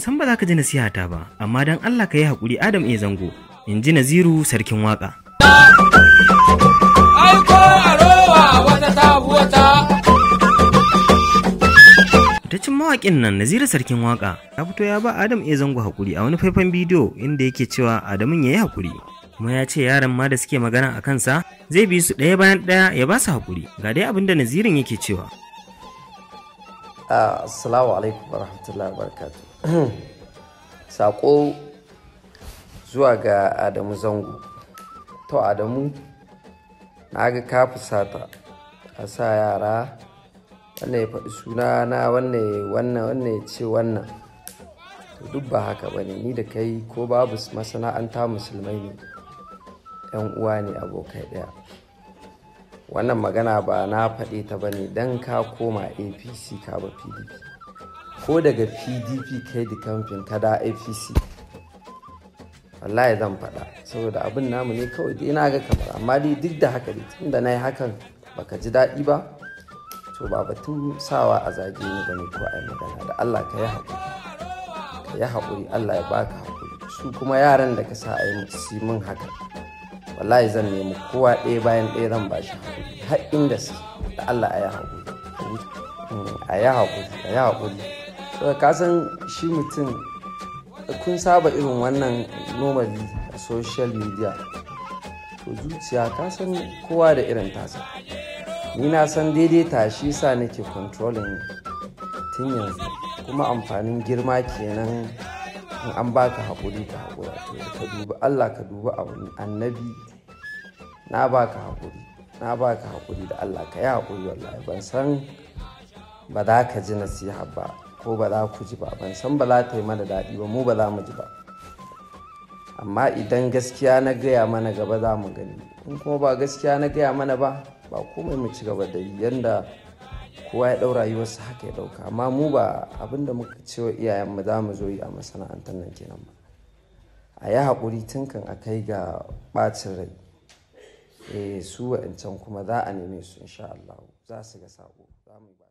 san ba za ka ji nasihata ba amma dan Allah ka yi hakuri Adam e zango in ji Naziru sarkin waƙa. Aiko ta cin mawaƙin nan Naziru sarkin waƙa ya fito ya ba Adam e zango hakuri a wani faifan bidiyo inda yake cewa Adamun ya yi hakuri. kuma ya ce yaran ma da suke magana a kansa zai bi su ɗaya bayan ɗaya ya ba su haƙuri ga dai abin da Nazirin yake cewa. assalamu alaikum warahmatullahi wabarakatuh saƙo zuwa ga adamu zango to adamu na ga ka sata a sa yara wannan ya faɗi suna na wannan wannan wannan ya ce wannan to duk ba haka ba ne ni da kai ko babu masana'anta musulmai ne 'yan uwa ne abokai ɗaya wannan magana ba na faɗe ta ba ne don ka koma apc ka ba pdp ko daga pdp kai da kamfin ka da apc wallahi zan faɗa saboda abin namu ne kawai dai na ga kamar amma dai duk da haka dai tunda na yi hakan baka ji daɗi ba to ba batun sawa a zage ni ba ne ko a yi magana da allah ka yi haƙuri ka yi haƙuri allah ya baka haƙuri su kuma yaran da ka sa a yi min haka wallahi zan nemi kowa ɗaya bayan ɗaya zan ba shi har inda su da Allah a yi haƙuri a yi haƙuri a yi haƙuri ka san shi mutum kun saba irin wannan normally a social media to zuciya ka san kowa da irin tasa ni na san daidai ta shi sa nake controlling tun yanzu kuma amfanin girma kenan in an baka haƙuri ka haƙura to ka dubi Allah ka dubi abu annabi na baka haƙuri na baka haƙuri da Allah ka yi haƙuri wallahi ban san ba za ka ji nasiha ba ko ba za ku ji ba ban san ba za ta yi mana daɗi ba mu ba za mu ji ba amma idan gaskiya na gaya mana gaba za mu gani in kuma ba gaskiya na gaya mana ba ba komai mu ci gaba da yanda kowa ya ɗau rayuwarsa haka ya ɗauka amma mu ba abin da muka ce wa iyayenmu za mu zo yi a masana'antar nan kenan ba a yi haƙuri tun kan a kai ga ɓacin rai eh, su wa'ancan kuma za a neme su insha Allah za su ga sako za mu ba